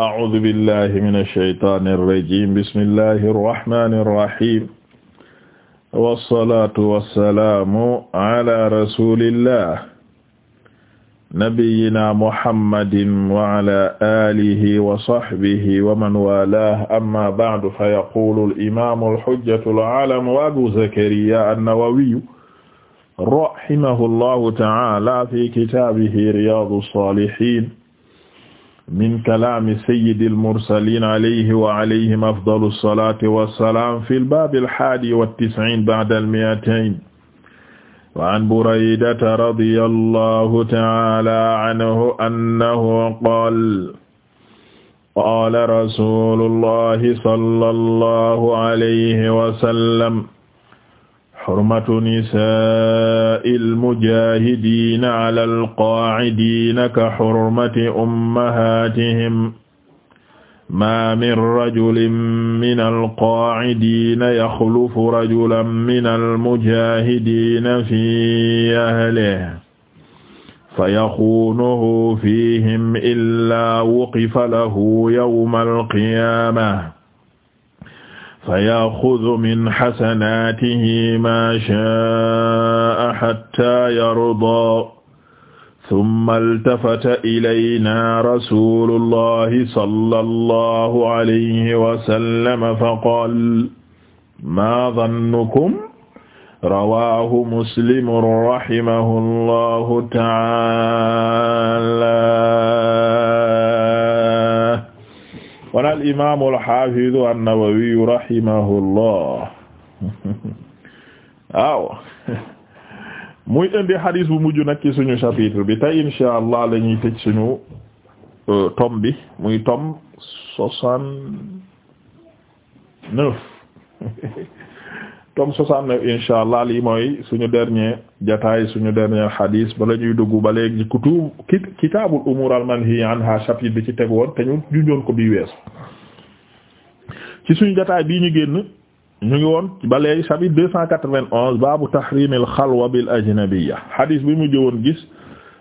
أعوذ بالله من الشيطان الرجيم بسم الله الرحمن الرحيم والصلاة والسلام على رسول الله نبينا محمد وعلى آله وصحبه ومن والاه أما بعد فيقول الإمام الحجة العالم أبو زكريا النووي رحمه الله تعالى في كتابه رياض الصالحين min kalaami sayyidil mursaliin alayhi wa alayhim afdalu salaati wa salaam fil baabil haadi wa tis'iin ba'dal mi'atayn wa an buraydata radiyallahu ta'aala anhu annahu qaala qaala rasuulullahi sallallahu alayhi wa sallam xurmatu nisaai almujahidina ala alqaacidina ka xurmati ummahaatihim ma min rajulin min alqaacidina yaxlufu rajulan min almujahidina fi ahlihi fayaxuunuhu fiihim illaa wuqifa lahu yawma alqiyaama fayaxudu min xasanaatihi maa caa'a xattaa yardaa summa altafata ilaynaa rasuulullahi sallallahu alayhi wa sallam faqaala maa dannukum rawaahu muslim rahimahullaahu ta'aalaa al imaamu al xaafidu an-Nawawi rahimahullah waaw muy indi xadis bu mujj nag suñu chapitre bi tey insha allah la ñuy tëj suñu euh, tom bi muy tom soixante-neuf tom soixante-neuf insha allah lii mooy suñu dernier jataay suñu dernier xadis bala ñuy dugg ba léegi kutub kitaabul umuur al manhi chapitre bi teg woon te ñu junjoon ko bi weesu ci suñu jotaay bii ñu génn ñu ngi woon ba léegi chapitre deux cent quatre-vingt-onze baabu tahrimil xalwa bil ajnabiyya xadis bi mu jëwoon gis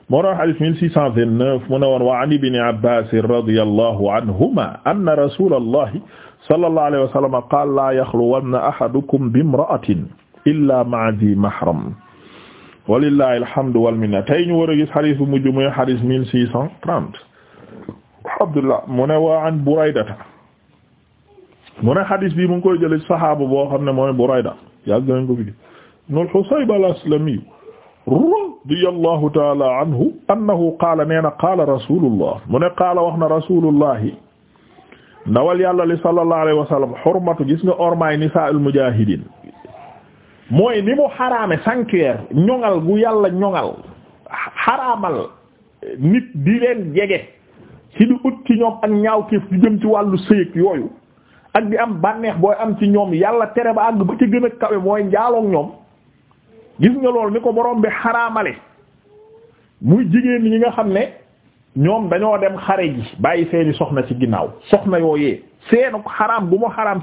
moo doon xadis mille six cent vingt-neuf mu ne woon wa an ibni abbas radiyallahu anhuma anna rasulallahi sallallahu alayhi wa sallam qaala laa yaxluwanna ahadukum bimra'atin illaa ma'a dhi mahram walillahi alhamdu wal minna tey ñu war a gis xadis bu mujj muy xadis mille six cent trente Abdullah mu ne wa an Buraydata mu ne xadis bi mu ngi koy jëlee saxaaba boo xam ne mooy Burayda yàgg nañ ko fi ibnul Husayb al-Aslami radiyallahu taala anhu annahu qaala nee na qaala rasulullah mu ne qaala wax na rasulullahi ndawal yàlla li sallallahu alayhi wa sallam xurmatu gis nga ormaay nisaa'il mujaahidiin mooy ni mu xaraame sanctuaire ñoŋal gu yàlla ñoŋal xaraamal nit di leen jege ci di ut ñoom ak ñaaw kéef di jëm ci wàllu sëyëg yooyu ak bi am bànneex booy am ci ñoom yàlla tere ba àgg ba ci gën a kawe mooy njaaloog ñoom gis nga lool ni ko borom bi xaraamale muy jigéen ñi nga xam ne ñoom dañoo dem xare ji bàyyi seeni soxna ci ginnaaw soxna yooyee seenu xaraam bu mu xaraam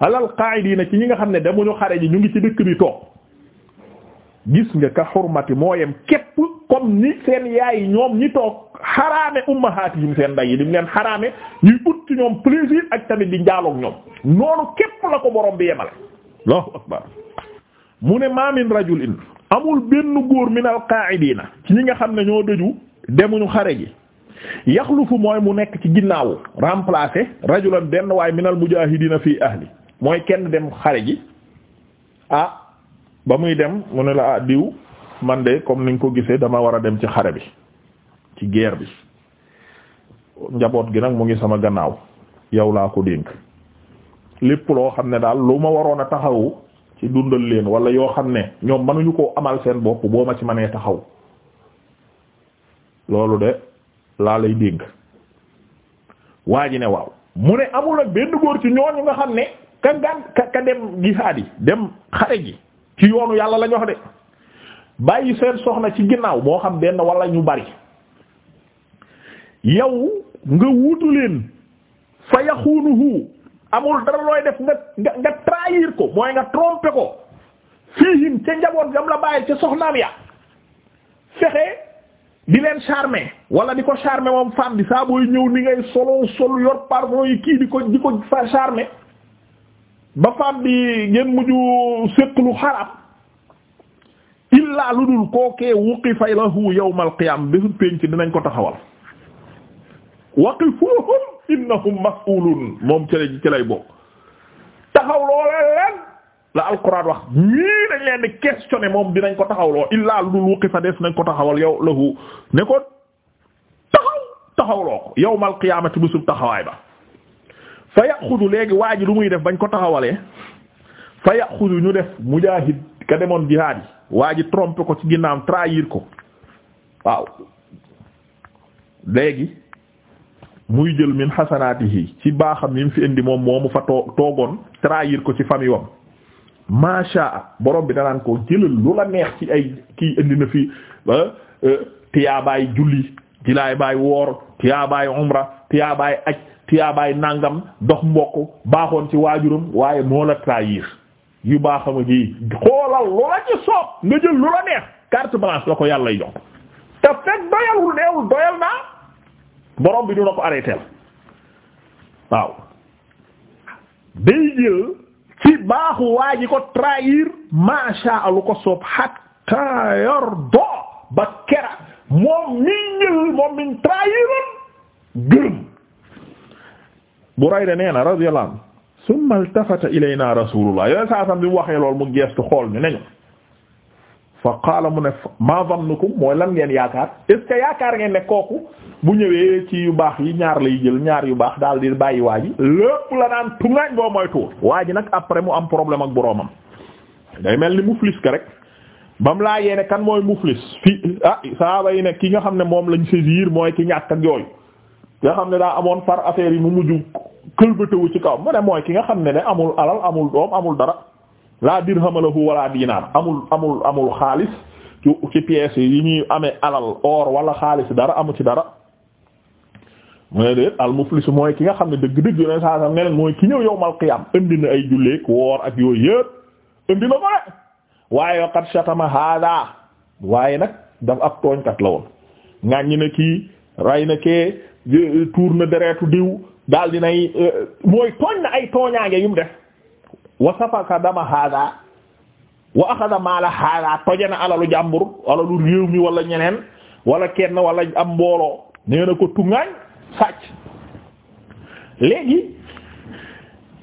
alal qaaidiina ci ñi nga xam ne demuñu xare ji ñu ngi ci dëkk bi toog gis nga ka xurmati moo yem képp comme ni seen yaay ñoom ñi toog xaraame ummahatihim seen nday yi di leen xaraame ñuy ut ci ñoom plaisir ak tamit di njaaloog ñoom noonu képp la ko borom bi yemale allahu akbar mu ne ma min rajulin amul benn góor min al qa'idina ci ñi nga xam ne ñoo dëju demuñu xare ji yaxlufu mooy mu nekk ci ginnaawu remplacer rajulan benn waaye min al mujahidina fii ahli mooy kenn dem xare ji ah ba muy dem mu ne la ah, diw man de comme niñ ko gisee dama war a dem ci xare bi ci guerre bi njaboot gi nag mu ngi sama gannaaw yow laa ko dénk lépp loo xam ne daal lu ma waroon a taxawu ci dundal leen wala yoo xam ne ñoom mënuñu koo amal seen bopp boo ma ci mënee taxaw loolu de laa lay dénk waa ji ne waaw mu ne amul ak benn góor ci ñooñu nga xam ne ka gan ka ka dem jihaad dem xare gi ci yoonu yàlla lañ wax de bàyyi seen soxna ci ginnaaw moo xam benn wala ñu bari yow nga wuutu leen fa yaxuunuhu amul dara looy def nga nga nga ko mooy nga tromper ko fiihim ca njaboot gam la bàyyi ca soxnaam ya fexe di leen charmer walla di ko charmer moom femme bi saa booy ñëw ni ngay solo solo yor parfum yi kii di ko di ko fa ba faam ngeen mujj séq lu xaraam illaa lu dul kookee wuqifa lahu yawmal qiyaam bésu penc dinañ ko taxawal waqifuhum innahum mas'uuluun moom ci lay ci lay bokk taxaw loolee leen la alquran wax ñii dañ leen di questionner moom dinañ ko taxawloo illaa lu dul wuqifa def nañ ko taxawal yow lahu ne ko taxaw taxawloo ko yawmal qiyaamati bésu taxawaay ba fa yaxudu léegi waa lu muy def bañ ko taxawalee fa yaxudu ñu def mujaahid ka demoon jihaad yi waa ji tromper ko ci ginnaaw trahir ko waaw léegi muy jël min xasanaatihi ci baaxam yi fi indi moom moomu fa too toogoon trahir ko ci famille wam masha borom bi danaan ko jëlal lu la neex ci ay kii indi na fi ah, eh, tiyaabaay julli tilaabaay woor tiyaabaay umra tiyaabaay aj tiyaabaay nangam dox mbokk baaxoon ci waajuram waaye moo la trahir yu a ji xoolal lu la ci soob nga jël lu la neex carte blanche la ko yàlla jox te fekk doyalul neewul doyal naa borom bi dina ko arrêté waaw day jël ci baaxu waa ji ko trahir masha Allah ko soob hatta yarda ba kera moom mi moom mi trahiroon gërëm Burayda nee na radiyallahu anhu summa iltafata ilayna rasulullah yooyu saa sam bi mu waxee lool mu geestu xool ñu nañu fa qaala mu ne ma zannukum mooy lan ngeen yaakaar est ce que yaakaar ngeen ne kooku bu ñëwee ci yu baax yi ñaar lay jël ñaar yu baax daal di bàyyi waa ji la naan tungaañ boo mooy tuur waa ji nag après mu am problème ak boroomam day mel ni muflis ka rek bam laa yéene kan mooy muflis fi ah saaba yi ne ki nga xam ne moom lañ saisir mooy ki ñàkk ak yooyu nga xam ne daa amoon par affaire yi mu mujj këlbatewu ci kaw mu ne mooy ki nga xam ne de amul alal amul doom amul dara laa dirham lahu wala diinaar amul amul amul xaalis ci ci pièces yi ñuy amee alal or wala xaalis dara amu ci dara mu de déet al muflis mooy ki nga xam ne dëgg-dëgg yoneen saa sam neneen mooy ki ñëw yowmal qiyam indi na ay julleek woor ak yooyu yëpp indi na ko rek waaye qad shatama hada waaye nag daf ab tooñkat la woon gàññi na kii Eh, tuur na deretu diw daal dinay eh, mooy tooñ na ay tooñaange yum def wa safaka dama hada wa axada maala hada toje na alalu jàmbur alalu réew mi wala ñeneen wala kenn wala am mbooloo nee ko tungaañ sàcc léegi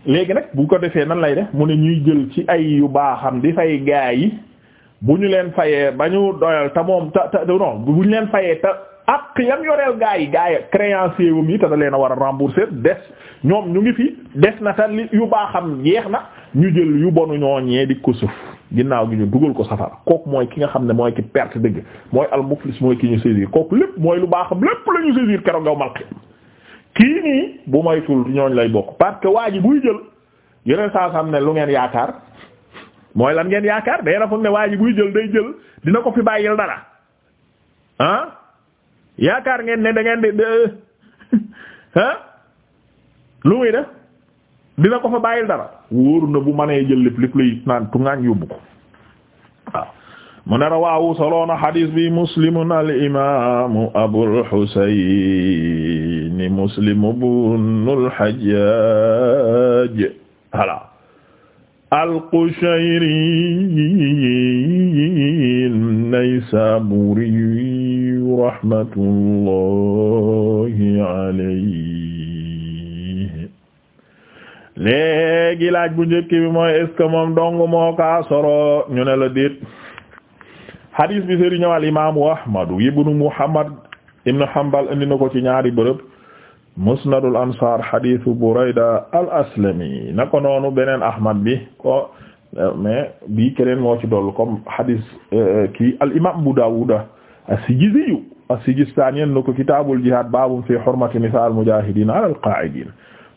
léegi nag bu ko defee nan lay def mu ne ñuy jël ci ay yu baaxam di fay gaa yi bu ñu leen fayee ba ñu doyal te moom te te non bu ñu leen fayee ta ak yam yoreel gaa yi gaa yi créancier wum yi te da leen a war a rembourser des ñoom ñu ngi fi des na te li yu baaxam yeex na ñu jël yu bonu ñooñee di ko suuf ginnaaw gi ñu dugal ko safara kooku mooy ki nga xam ne mooy ki perte dëgg mooy almuflis mooy ki ñu saisir kooku lépp mooy lu baaxam lépp la ñu saisir keroog gaw malxi kii nii bu moytul ñooñ lay bokk parce que waa ji buy jël yeneen saa xam ne lu ngeen yaakaar mooy lan ngeen yaakaar day na foog ne waa ji buy jël day jël dina ko fi bàyyil dara ah? yaakaar ngeen ne da ngeen di ah lu muy def dina ko fa bàyyil dara wóoru na bu mënee jël lépp lépp lay naan tungaañ yóbbu ko waaw mu ne rawaahu soloona xadis bi muslimun al imamu abul husayn muslim ibnul hajjaj hala al-Qushayri an-Naysaburi rahmatullahi alayhi léegi laaj bu njëkk bi mooy est moom dong moo ka ñu ne la déet hadis bi sëriñ al imaamu ahmadu ibnu muhammad ibnu hanbal indi ko ci ñaari bërëb musnadul ansar hadisu burayda al aslami na ko noonu beneen ahmad bi ko mais bii keneen moo ci doll comme hadis eh, eh, kii al imam abu dawuda as-Sijiziyu as-Sijistani yen na ko kitaabul jihaad baabun fi hurmati misaal mujaahidiin ala al-qaa'idiin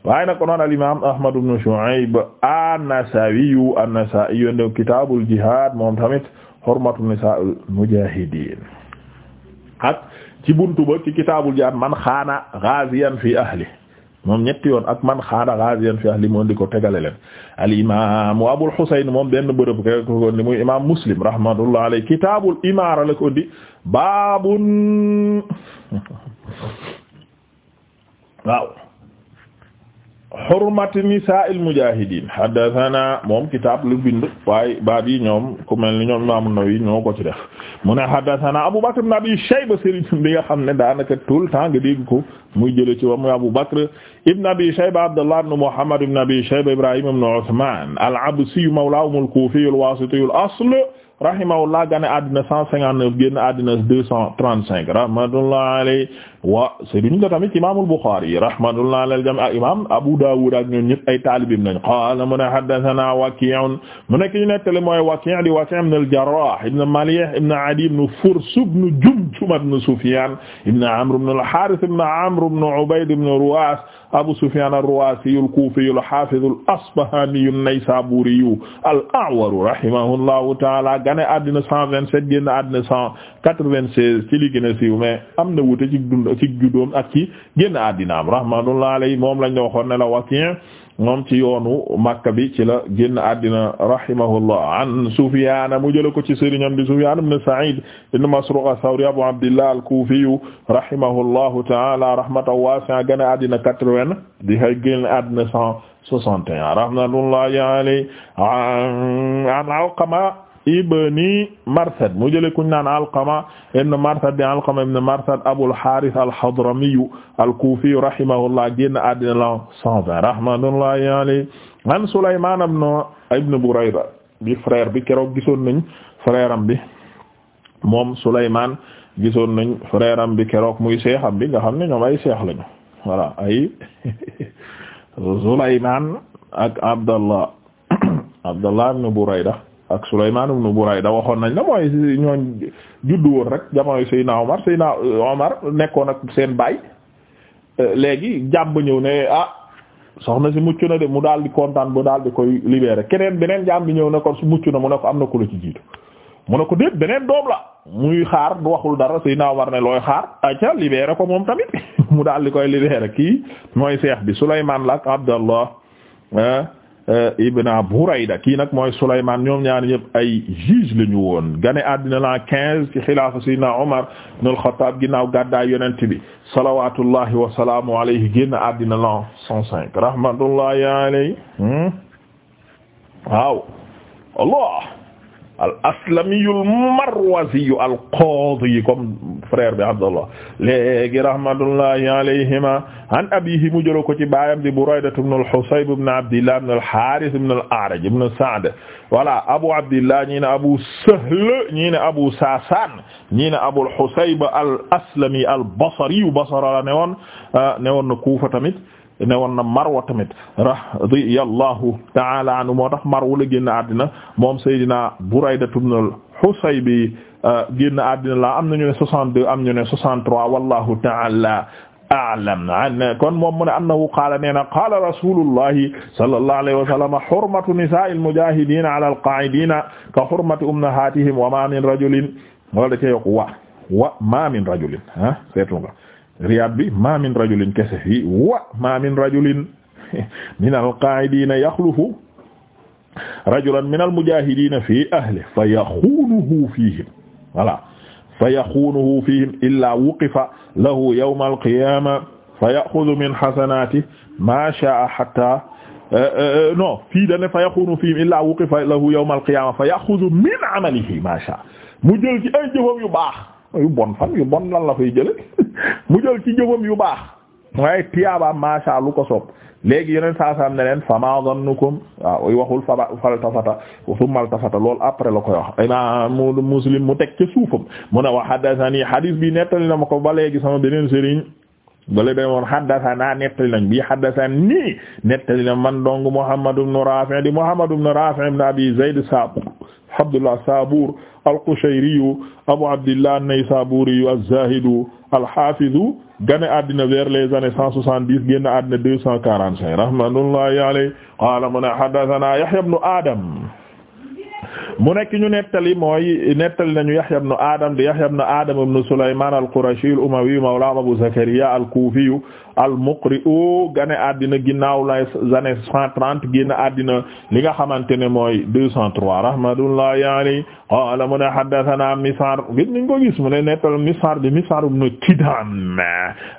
waaye nag ko noon al-imaam Ahmad ibn Shu'ayb an-Nasaawiyu an-Nasaa'iyu yen na ko kitaabul jihaad moom tamit hurmatu nisaa'il mujaahidiin ak ci buntu ba ci kitaabul jihaad man xaana gaaziyan fi ahlihi moom ñetti yoon ak man xaada ghaziyan fi ahli moom di ko tegale leen al imam Abul Husayn moom benn bërëb ke ko ni muy imam Muslim rahmatullah alayhi kitaabul imaara la ko di baabun xurmati nisaa'il mujaahidiin haddasanaa moom kitaab lu bind waaye baat yi ñoom ku mel ni ñoom Imaam An-Nawawi ñoo ko ci def mu ne haddasanaa Abu Bakr ibn Abi Shayba Serigne bi nga xam ne daanaka tout le temps nga dégg ko muy jëlee ci wa muy Abu Bakr ibn Abi Shayba Abdullah ibn Muhammad ibn Abi Shayba Ibrahim ibn Usmaan al-Absi mawlaahum al-Kuufi al-Waasiti al-asl rahimahullah gane àddina 159 génn àddina 235 rahmatullah alayhi wa sëriñ la tamit imaamul Buxaari rahmatullah alal jami ak ah, imaam Abu Daawud ak ñun ñëpp ay taalibim lañ qaala mu ne haddasanaa Wakii'un mu nekk ñu nettali mooy Wakii' di Wakii' ibn al-Jarraah ibn Maliih ibn Adiy ibn Furs ibn Jumjum ibn Sufyaan ibn Amr ibn al-Haaris ibn Amr ibn Ubayd ibn Ruwaas Abu Sufyaan ar-Ruwaasi al-Kuufi al-Haafiz al-Asbahaani an-Naysaabuuri al-A'war rahimahullahu ta'aala gane àddina 127 génn àddina 100 quatre-vingt-seize ci li gën a siiw am na wute ci dund ci juddoom ak ci génn àddinaam rahmatullahi alayhi moom lañ la la Waki' moom ci yoonu Makka bi ci la génn àddina rahimahullah an Sufyaan mu jëla ko ci sëriñam bi Sufyaan ibn Sa'iid ibn Masruuq as-Sawri Abu Abdillah al-Kuufi rahimahullahu ta'aala rahmatan di hay génn àddina cent soixante et un rahmatullahi an Alqama ibni Marsad mu jëlee kuñ naan Alqama ibn Marsad di Alqama ibn Marsad Abul Harith al-Hadrami al-Kufi rahimahullah génn àddina la 120 rahmatullahi alayhi an Sulayman ibn Burayda bi frère bi keroog gisoon nañ frère am bi moom Sulayman gisoon nañ frère am bi keroog muy seexam bi nga xam ne ñoom ay seex lañu voilà ay Sulayman ak Abdallah Abdallah ibn Burayda ak Sulaymaan ibn da waxoon nañ la mooy ñooñ juddu woon rek jamonoy Seydina Omar Seydina euh, Omar nekkoon ak seen baay euh, léegi jàmb ñëw ne ah soxna si mucc na de mu daal di kontaan bu daal di koy libéré keneen beneen jàmb ñëw ne ko su mucc na mu ne ko am na ku la ci jiitu mu ne ko déet beneen doom la muy xaar waxul dara Seydina Omar ne looy xaar aca libéré ko moom tamit mu daal di koy libéré kii mooy seex bi Sulaymaan la ak Abdallah Euh, ibn Burayda kii nag mooy Sulaymaan ñoom ñaar ñëpp ay juge la ñu woon gane àddina la quinze ci xilaafa sayyidina Umar ibn al-Khattab ginnaaw gàddaay yonent bi salawaatullahi wa salaamu alayhi génn àddina la cent cinq rahmatullahi alayhi hmm? waaw Allah al aslamiyul marwaziyu al qaadi comme frère bi abdallah léegi rahmatullahi alayhima an abihi mu jëloo ko ci baayam di buraydatu ibn al husayb ibn abdillah ibn al haaris ibn al a'raj ibn sa'd voilà abu abdillah ñi ne abu sahl ñi ne abu saasan ñi ne abu al husayb al aslami al basri basra la newoon ah, newoon na kuufa tamit ne woon na Marwa tamit radiyallahu ta'ala anhu moo tax Marwa la génn àddina moom Seydina Burayda ibn al-Husaybi euh, génn àddina la am nañu ne 62 am ñu ne 63 wallahu ta'ala a'lam an kon moom mu ne annahu qaala nee na qaala rasulullahi sallallahu alayhi wa sallam hurmatu nisaa'il mujaahidiina 'ala al-qaa'idiina ka hurmati ummahaatihim wa ma min rajulin wala da cee yokk wa wa ma min rajulin ah seetu nga riyaad bi ma min rajulin kese fii wa ma min rajulin min alqaa'idiina yaxlufu rajulan min almujaahidiina fii ahlihi fa yaxuunuhu fiihim voilà fa yaxuunuhu fiihim illaa wuqifa lahu yawma alqiyaama fa yaxudu min xasanaatihi maa shaa'a hattaa eh, eh, eh, non fii dañ ne fa yaxuunu fiihim illaa wuqifa lahu yawma alqiyaama fa yaxudu min amalihi maa shaa'a mu jël ci ay jëfam yu baax yu bon fan yu bon lan la fay jële mu jël ci jëfam yu baax waaye tiyaabaam maasha lu ko soob léegi yeneen saasaam ne leen fama zannukum waaw y waxul faba faltafata summal tafata loolu après la koy wax imaamu muslim mu teg ca suufam mu ne wa haddathani hadis bi nettali na ma ko ba léegi sama beneen sëriñ bale da moon haddathana nettali nañ bi haddathani nettali na man dong Muhammad ibn Rafi' di Muhammad ibn Rafi' ibn Abi Zayd Sabur al-Qushayriyu Abu Abdillah an-Naysaburiyu az-Zahidu al-Hafizu gane àddina vers les années cent soixante dix génn àddina deux cent quarante cinq rahmatullahi alayhi qaala mu ne haddathana Yahya ibn Adam mu nekk ñu nettali mooy nettali nañu Yahya ibn Adam di Yahya ibn Adam ibn Sulayman al-Qurashi al-Umawi mawla Abu Zakariya al-Kufi al-Muqri'u gane àddina ginnaaw lay années cent génn àddina li nga xamante ne mooy deux cent trois rahmatullahi alayhi qala mu ne haddathana Mis'ar gis niñ ko gis mu ne nettal Mis'ar bi Mis'ar ibn Kidam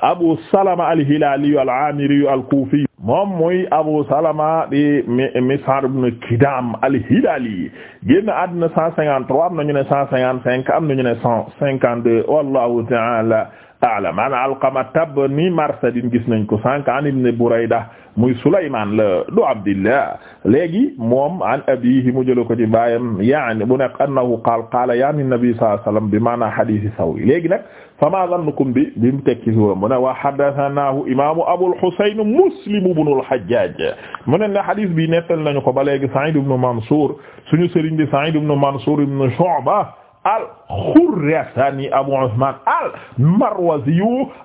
Abu Salama al-Hilali al-Amiri al-Kufi moom muy Abu Salama di Mis'ar ibn Kidam al-Hilali génn àddina cent cinquante trois am nañu ne cent cinquante cinq am nañu ne cent cinquante deux wallahu ta'ala a'lam an Alqama ibn Marsad gis nañ ko sànq an ibn Burayda muy Sulaymaan la du Abdillah léegi moom an abiihi mu jël ko ci baayam yaani bu nekk annahu qaala qaala yaani nabi sallallahu alayhi wasallam bi maana hadiisi Sawri léegi nag famaa zannukum bi bi mu tekki si woon mu ne wa haddathanaahu imaamu Abul Husayn Muslim ibn al-Hajjaj mu ne ne hadiis bi nettal nañu ko ba léegi Sa'id ibn Mansuur suñu sëriñ bi Sa'id ibn Mansuur ibn Shu'ba al-Khurasani Abu Usman al-Marwazi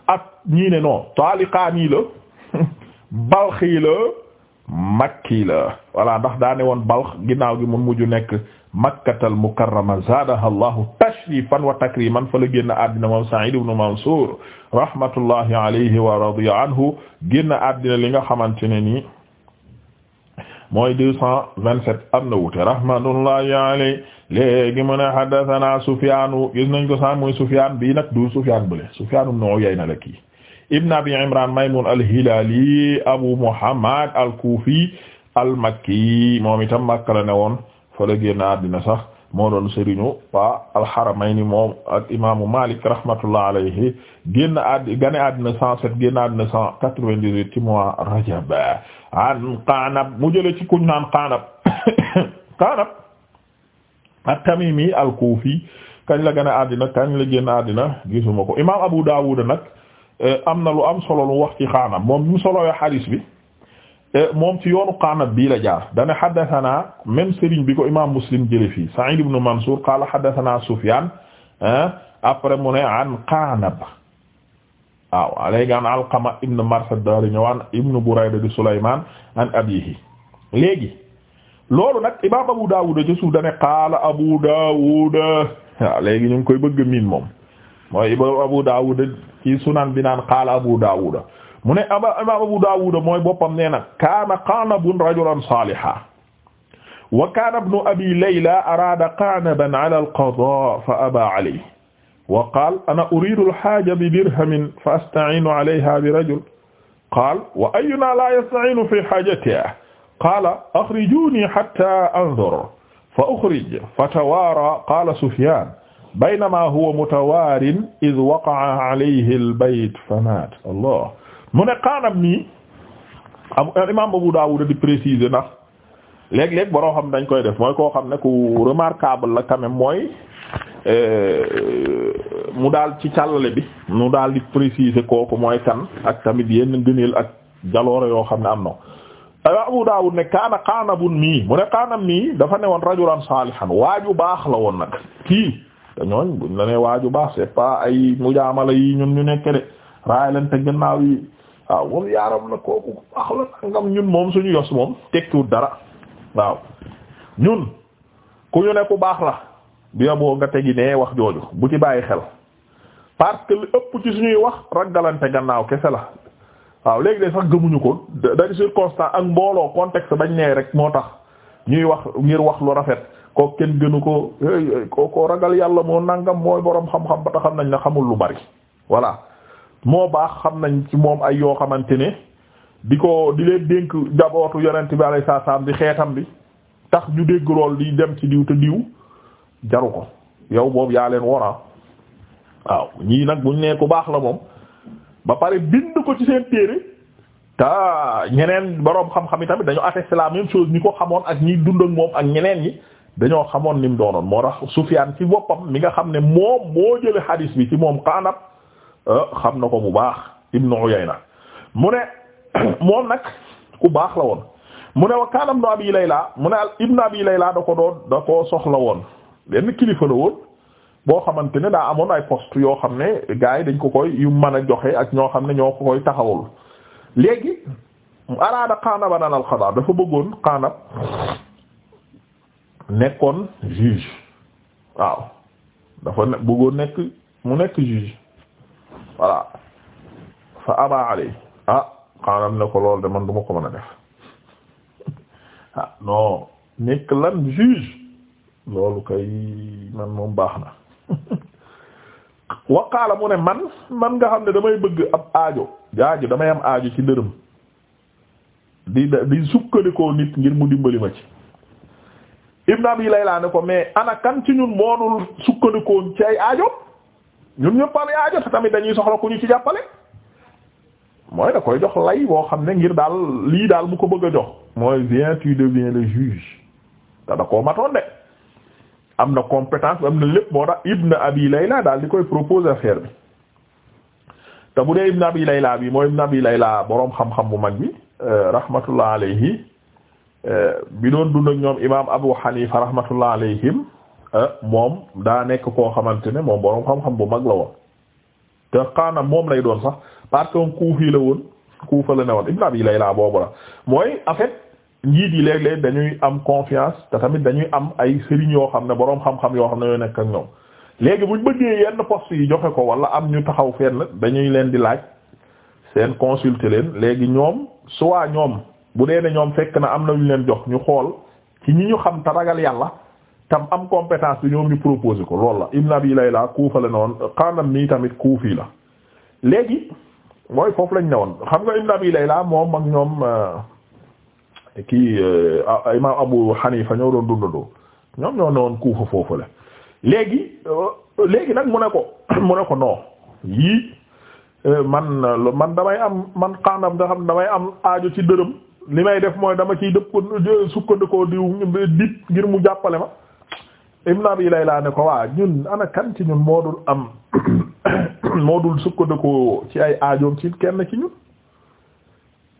ak ñii ne non Taliqani la Balxi la Makki la voilà ndax daa woon Balx ginnaaw gi mu mujj nekk Makkatal Mukarrama zaadaha Allahu tashrifan wa takriman fa la génn àddina moom Sa'id ibn rahmatullahi alayhi wa radiya anhu génn àddina li nga xamante ne nii mooy deux cent vingt-sept rahmatullahi alayhi léegi mu ne haddathana Sufyaanu nañ ko san muy bii nag du Sufyaan bële Sufyaan ibn Uyayna la kii ibn Abi Imraan Maymuun al-Hilaali Abu Muhammad al-Kuufi al-Makki moom itam Makka la ne woon fa la génn àddina sax moo doon sëriñu wa al-Haramayni moom ak imaamu Maalik rahmatullah alayhi génn àdd gane àddina 107 génn àddina 198 ci mois an Qa'nab mu jële Qa'nab Qa'nab a tamimi al-Kufi kañ la gën a addina kañ la génn addina gisuma ko imaam Abu Dawud nag eh, am na lu am solo lu wax ci moom mu solowee xadiis bi eh, moom ci yoonu xaanam bii la jaar dana xaddasanaa même Serigne bi ko imaam Muslim jële fii Sa'id ibn Mansour qaala xaddasanaa Sufyaan eh, après mu ne an Qanab waaw léegi an Alqama ibn Marsad daari ñëwaan ibn Burayda an abiihi léegi loolu nag imaam Abu Daawud ci suuf dane qaala Abu Daawud waaw léegi ñu ngi koy bëgg miin moom mooy imaam Abu Daawud ci sunan bi naan qaala Abu Daawud mu ne imaam Abu Daawud mooy boppam nee na kaana Qa'nabun rajulan saalihan wa kaana ibnu abi Layla araada qa'naban 'ala al-qadaa fa abaa 'alayhi wa qaala ana uriidu al-haaja bi dirhamin fa asta'iinu 'alayhaa bi rajulin qaala wa ayyunaa laa yasta'iinu fii haajatihi qaala axrijuni hatta anzur fa uxrij fatawaara qaala Sufyaan baynama huwa mutawaarin id waqa'a alayhi albayt famaat allah mu ne qaanam nii imaam Abu Daawud di préciser ndax léeg-léeg boroo xam dañ koy def mooy koo xam ne ku remarquable la quand même mooy euh, mu daal ci càllale bi mu daal di préciser kooku mooy kan ak tamit yenn ngëneel ak jaloore yoo xam ne am na Abu Daawud ne kaana qaanabun mii mu ne qaanab mii dafa newoon rajulan saalihan waaju baax la woon nag kii te ñooñ buñ la nee waaju baax c'est pas ay mujaamala ñun ñu nekk de raay leen te gannaaw yi waaw moom yaaram la kooku baax la ngam ñun moom suñu yos moom tekkiwut dara waaw ñun ku ñu ne baax la bi boo nga tegi wax jooju bu ci bàyyi xel parce que ëpp ci suñuy wax raggalante gannaaw kese la waaw léegi de sax gëmuñu ko dañ circonstance ak mbooloo contexte bañ nee rek moo tax ñuy wax ngir wax lu rafet ko kenn gënu ko ko ko ragal yàlla moo nangam mooy boroom xam-xam ba tax xam nañ ne xamul lu bari voilà moo baax xam nañ ci moom ay yoo xamante ne di ko di leen dénk jabootu yonent bi alayhi salaam di xeetam bi tax ñu dégg lool di dem ci diw te diw jaru ko yow boobu yaa leen wora ah. waaw ñii nag buñ nee ku baax la moom ba pare bind ko ci seen téere te ñeneen boroom xam-xam yi tamit dañoo attesté la même chose ñi ko xamoon ak ñi dund ak moom ak ñeneen ñi dañoo xamoon ni mu doonoon moo tax Sufyaan ci boppam mi nga xam ne moom moo jële hadis bi ci moom Qanab euh, xam na ko bu baax Ibnu Uyayna mu ne moom nag ku baax la woon mu ne wa Qanab ibnu Abi Layla mu ne Ibnu Abi Layla da ko doon da koo soxla woon benn kilifa la woon. boo xamante ne daa amoon ay poste yoo xam ne gars yi dañ ko koy yu mën a joxe ak ñoo xam ne ñoo ko koy taxawul léegi araada xaanaba naan alxada dafa bëggoon xaanab nekkoon juge waaw dafa nekk mu nekk juge voilà fa aba ah, ko lool de man duma ko mën a def ah non nekk lan juge loolu kay man moom baax na waqaala mu ne man man nga xam ne damay bëgg ab aajo jaajo damay am aajo ci dërëm di di sukkandikoo nit ngir mu dimbali ma ci Ibn Abi Layla ne ko mais ana ci ñun moonul sukkandikoo ci ay aajo ñun ñëpp am aajo tamit dañuy soxla ku ñu ci jàppale mooy da koy jox lay boo xam ne ngir daal lii daal mu ko bëgg a jox mooy viens tu deviens le juge te koo matoon de am na compétence am na lépp moo tax Ibn Abi Layla daal di koy proposer affaire bi te bu dee Ibn Abi Layla bi mooy Ibn Abi Layla boroom xam-xam bu mag bi euh, rahmatullah alayhi euh, bi doon dund ak ñoom imaam Abu Hanifa rahmatullah alayhim euh, moom daa nekk koo xamante ne moom boroom xam-xam bu mag la woon te xanaa moom lay doon sax parce que Kuufi la woon Kuufa la ne woon Ibn Abi Layla boobu la mooy en njiit yi léeg-léeg dañuy am confiance te tamit dañuy am ay sëriñ yoo xam ne boroom xam-xam yoo xam ne yoo nekk ak ñoom léegi bu ñu bëggee yenn poste yi joxe ko wala am ñu taxaw fenn dañuy leen di laaj seen consulter leen léegi ñoom soit ñoom bu dee ne ñoom fekk na am na ñu leen jox ñu xool ci ñi ñu xam te ragal yàlla tam am compétence bi ñoom ñu proposé ko lool la Ibn Abi Layla Kuufa la noon woon xanam mii tamit Kuufi la léegi mooy foofu lañ ne xam nga Ibn moom ak ñoom. Euh, kii euh, imam Abu Hanifa ñoo doon dundandoo ñoom ñoo ne woon kuufa foofu la léegi euh, léegi nag mu ne ko mu ne ko non yii euh, man man damay am man xaanam nga xam damay am aajo ci dërëm li may def mooy dama ciy dëpp sukkandikoo diw dit ngir mu jàppale ma Ibn Abi Layla ne ko waa ñun ana kan ci ñun moo dul am moo dul sukkandikoo ci ay aajoom ci kenn ci ñun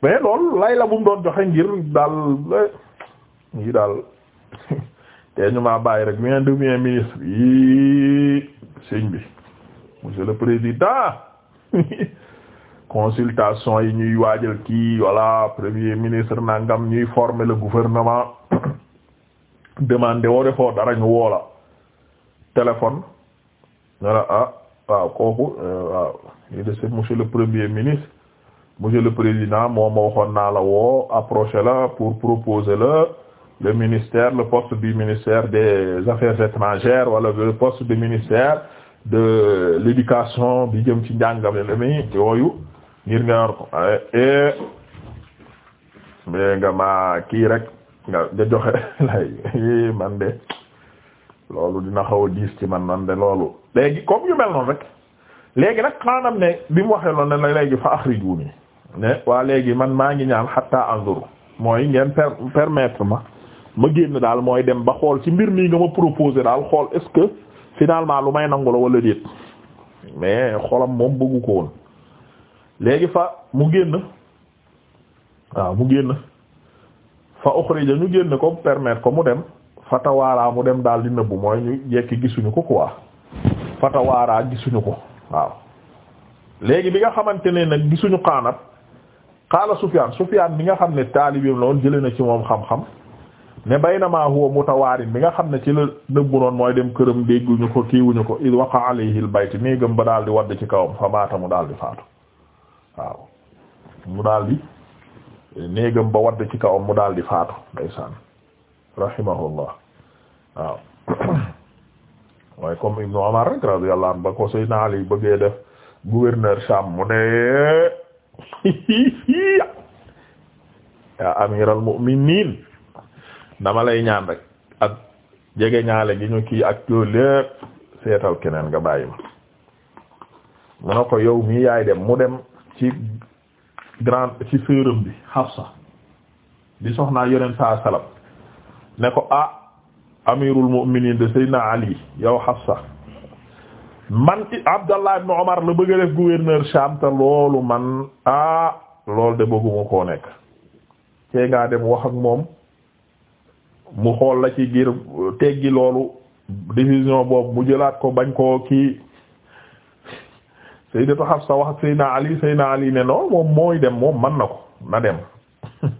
mais loolu lay la bu mu doon joxe ngir daal yi daal te ñu maa bàyyi rek bien du bien ministre yi sëñ bi monsieur le président consultation yi ñuy waajal kii voilà premier ministre nangam ñuy former le gouvernement demandé woo defoo dara ñu woo téléphone ne ah waaw kooku euh, waaw lii de c'est monsieur le premier ministre monsieur le président moom waxoon naa la woo approché la pour proposer la le ministère le poste du ministère de affaires étrangères wala le poste du ministère de l'éducation bi jëm ci njàngale mi yooyu ngir nga yor ko et eh, eh, mais nga ma kii rek nga nga joxe lay eh, man de loolu dina xaw a diis ci man man de loolu léegi comme yu mel noonu rek léegi nag xaanam ne bi mu waxee loolu ne léegi fa axriju nii ne waa léegi man maa ngi ñaan xatta anzuru mooy ngeen permettre ma ma génn daal mooy dem ba xool ci mbir mii nga ma proposer daal xool est-ce que finalement lu may nangu la wala déet mais xolam moom bëggu ko woon léegi fa mu génn waaw mu génn fa uxrija ñu génn ko permettre ko mu dem fatawaaraa mu dem daal di nëbbu mooy ñu jekki gisuñu ko quoi fatawaaraa gisuñu ko waaw léegi bi nga xamante ne nag gisuñu xaanat qaala Sufyaan Sufyaan bi nga xam ne taalibeem la woon jëlee na ci moom xam-xam ne baynamaa huwa mutawaarin bi nga xam ne ci la nëbbu noon mooy dem këram dégguñu ko kiiwuñu ko id waqa alayhi al bayt néegam ba daal di wadd ci kawam fa maata mu daal di faatu waaw mu daal néegam ba wadd ci kawam mu daal di faatu ndeysaan rahimahullah waaw waaye comme Ibnu Umar rek radiyallahu anhu ba ko Seydina Ali bëggee def gouverneur Sham mu ne yaa amiral mu'minin dama lay ñaan rek ak jege ñaale gi ñu kii ak yooyu lépp seetal keneen nga bàyyi ma mu ne ko yow mi yaay dem mu dem ci grand ci féeram bi Hafsa di soxnaa yoneen saa salam ne ko ah amirul mu'minin de Seydina Ali yow Hafsa man Abdallah ibn Omar la bëgg a def gouverneur Sham loolu man ah loolu de bëgguma koo nekk tey ngaa dem wax ak moom mu xool la ci ngir teggi loolu décision boobu mu jëlaat ko bañ koo kii Sayyidatu Hafsa wax Sayyidina Ali Sayyidina Ali ne non moom mooy dem moom mën na ko na dem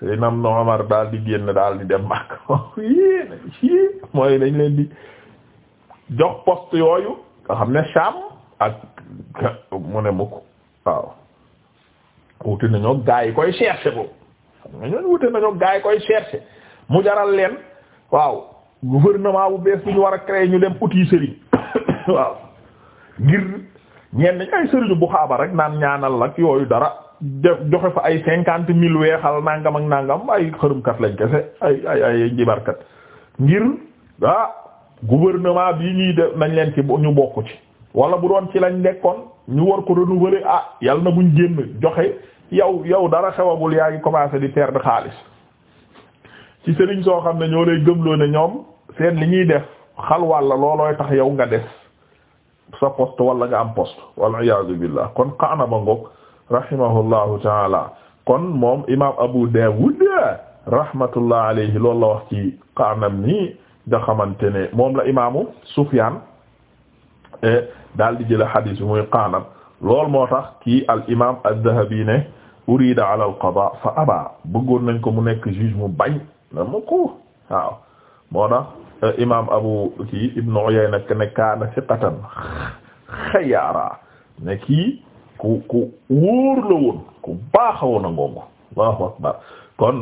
Sayyidina Omar daal di génn daal di dem Makka mooy dañ leen di. jox poste yooyu nga xam ne Sham ak mu ne mukk waaw wute nañoo gaa yi koy chercher boobu xam nga ñooñu wute nañoo gaa yi koy chercher mu jaral leen waaw gouvernement bu bees bi ñu war a créer ñu dem outil sëriñ waaw ngir ñenn ñi ay sëriñu bu xaaba rek naan ñaanal ak yooyu dara joxe fa ay cinquante mille weexal nangam ak nangam ay xërumkat lañ kese ay ay ay njibarkat ngir ah, gouvernement bii ñuy def nañ leen ci ñu bokk ci wala bu doon ci lañ nekkoon ñu war ko renouveler ah yal na buñ génn joxe yow yow dara xewagul yaa ngi commencé di perdre xaalis ci sëriñ soo xam ne ñoo lay gëmloo ne ñoom seen li ñuy def xalwalla loolooy tax yow nga des sa poste wala nga am poste wal iyaazu billah kon xaana ba ngoog rahimahullahu taala kon moom imam Abu Dawud rahmatullah alayhi loolu la wax ci xaanam nii nga xamante ne moom la imaamu Sufyaan eh, daal di jël hadith bi muy qaanab loolu moo tax kii al imaam az-Zahabi ne urida ala al-qadaa fa abaa bëggoon nañ ko mu nekk juge mu bañ na mu ko waaw moo tax eh, imaam Abu kii Ibn Uyayna kaana thiqatan xayaara ne kii ku ku la woon ku baax woon a ngongo akbar kon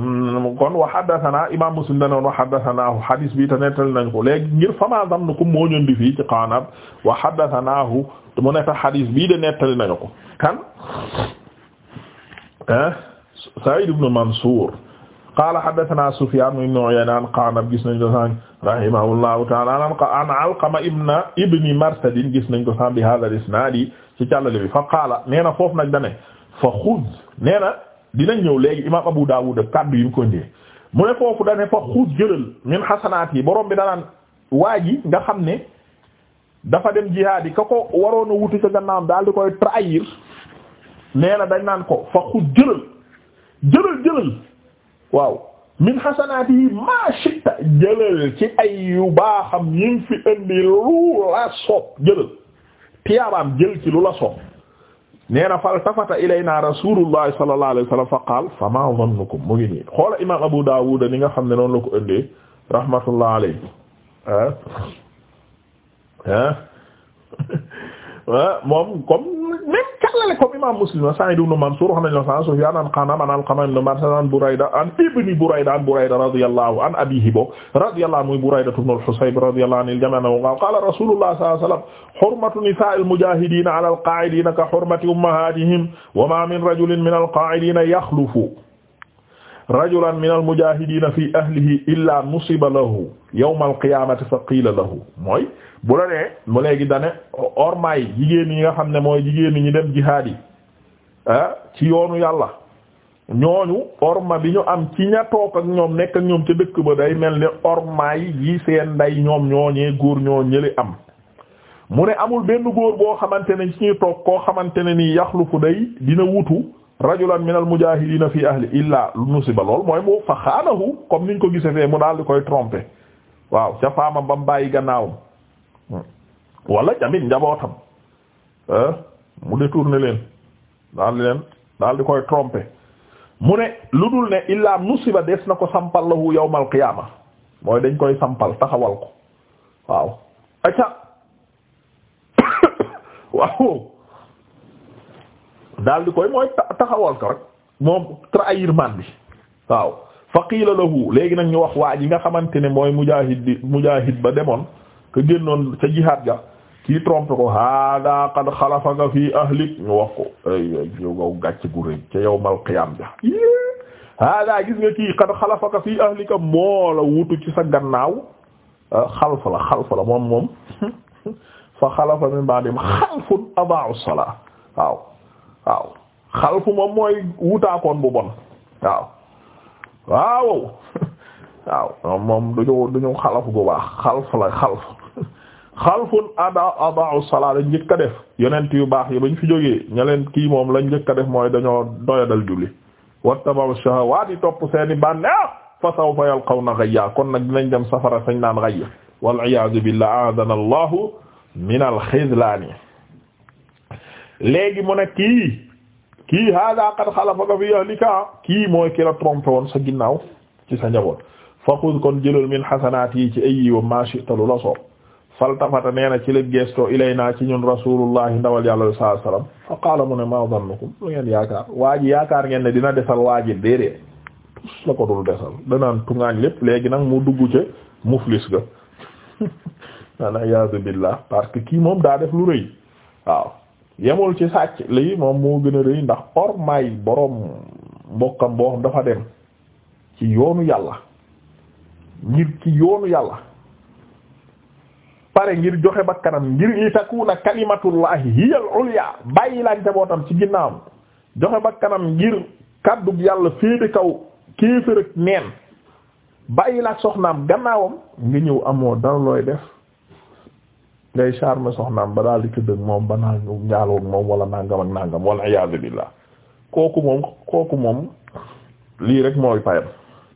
kon wa haddathana imam Muslim danoon wa haddathanahu hadis bi te nettal nañ ko léegi ngir fama zannukum moo ñondi fii ci Qanab wa haddathanahu mu neta hadis bii de nettali nañu ko kan eh? Sa'id ibn Mansur qala haddathana Sufyan ibn Uyayna an Qanab gis nañ ko sànq rahimahullahu ta'ala an Alqama ibn ibni Marsadin gis nañ ko sànq bi hadha al-isnad yi ci càllale bi fa qaala nee na foofu nag dane fa xud nee na dinañ ñëw léegi imaam Abu Dawud kaddu yi mu ko indee mu ne foofu da ne fa xuus jëlal min xasanaat yi borom bi danaan waa ji nga xam ne dafa dem jihaad yi ka ko waroon a wuti sa gannaawam daal di koy trahir nee na dañ naan ko fa xuus jëlal jëlal waaw min xasanaat yi maa shitta jëlal ci ay yu baaxam yi fi indi lu la soob jëlal tiyaabaam jël ci lu la soob nee na faltafata ilayna rasulullah sallallahu alayhi wa sallam fa qaal fa ma zannukum mu ngi nii xoola imam Abu Dawud ni nga xam ne noonu la ko ëndee rahmatullah alayhi ah ah moom comme même càllale comme imam Muslim Sa'id ibn Mansur wax nañ la sa Sufyan an Qanam an Alqama ibn Marsad an Burayda an ibni Burayda an Burayda radiyallahu an abihi bo radiyallahu anhu Burayda ibn al-Husayb radiyallahu anil jami' qala rasulullah sallallahu alayhi wasallam hurmatu nisa'il mujahidina ala al-qa'idina ka hurmati ummahatihim wa ma min rajulin min al-qa'idina yakhlufu rajulan min al-mujahidina fi ahlihi illa nusiba lahu yawm al-qiyamati fa qila lahu mooy bu la nee mu léegi dane ormaay jigéen yi nga xam ne mooy jigéen ñi dem jihaad yi ah, ci yoonu yàlla ñooñu orma bi ñu am ci ña toog ak ñoom nekk ak ñoom ca dëkk ba day mel ni ormaay yi seen nday ñoom ñoo ñooñee góor ñoo ñëli am mu ne amul benn góor boo xamante ne ci ñuy toog koo xamante ne nii yaxlufu day dina wutu rajulan min al mujahidina fi ahli illa nusiba lool mooy mu fa xaanahu comme niñ ko gise fee mu daal di koy tromper waaw ca faamam ba mu bàyyi gannaawam Hmm. wala tamit njabootam eh, mu détourné leen daal di leen daal di koy tromper mu ne lu dul ne illaa nusiba des na ko sampal lahu yawmal qiyaama mooy dañ koy sampal taxawal ko waaw acca waaw daal di koy mooy taxawal ko rek moom trahir man bi waaw fa lahu léegi nag ñu wax waa ji nga xamante ne mooy mujaahid bi mujaahid ba demoon ka génnoon ca jihaad ga kii trompe ko hada qad xalafaka fi ahlik ñu wax ko ay yow ngaw gàcc gu rëy ca yawmal qiyaam ja hada gis nga kii qad xalafaka fi ahlika moo la wutu ci sa gannaaw ah, xalfa la xalfa la moom moom fa xalafa min ba'dihim xalfun adaa'u salaa waaw waaw xalfu moom mooy wutaakoon bu bon moom moom duñu duñu xalaf gu baax xalf la xalf xalfun ada adau salaa lañ njëkk a def yonent yu baax yi bañ fi jógee ña leen kii moom lañ njëkk a def mooy dañoo doyadal julli wattaba'u shahawaati topp seeni bànneex fa sawfa yalqawna ghayya kon nag dinañ dem safara sañ naan ghayya wal iyaazu billah aadana allahu min al xizlaani léegi mu ne kii kii hada qad xalafaka fi ahlika kii mooy ki la trompé woon sa ginnaaw ci sa njaboot fa xud kon jëlal min xasanaat yi ci ay yiwam ma shi'ta lu la soob faltafata nee na ci la gesto ilaynaa ci ñun rasulullahi ndawal yàlla sallallahu alayhi wasallam ne ma lu ngeen yaakaar waa yaakaar ngeen ne dina desal waa ji déedéet tus la ko dul desal danaan tungaañ lépp léegi nag mu dugg ca muflis ga wala iyaazu billah parce que kii moom daa def lu rëy waaw yemul ci sàcc lii moom moo gën a rëy ndax or may boroom mbokkam boo dafa dem ci yoonu yàlla ngir ci yoonu yàlla pare ngir joxe bakkanam ngir li takuna kalimatullahi hiya al-ulya bàyyi laaj njabootam ci ginnaawam joxe bakkanam ngir kaddu yàlla féete kaw kéefër ak neen bàyyi laaj soxnaam gannaawam nga ñëw amoo dara looy def ngay charme soxnaam ba daal di tëdd ak moom ba naa njaaloo ak moom wala nangam ak nangam wala iyaazu billah kooku moom kooku moom lii rek mooy payam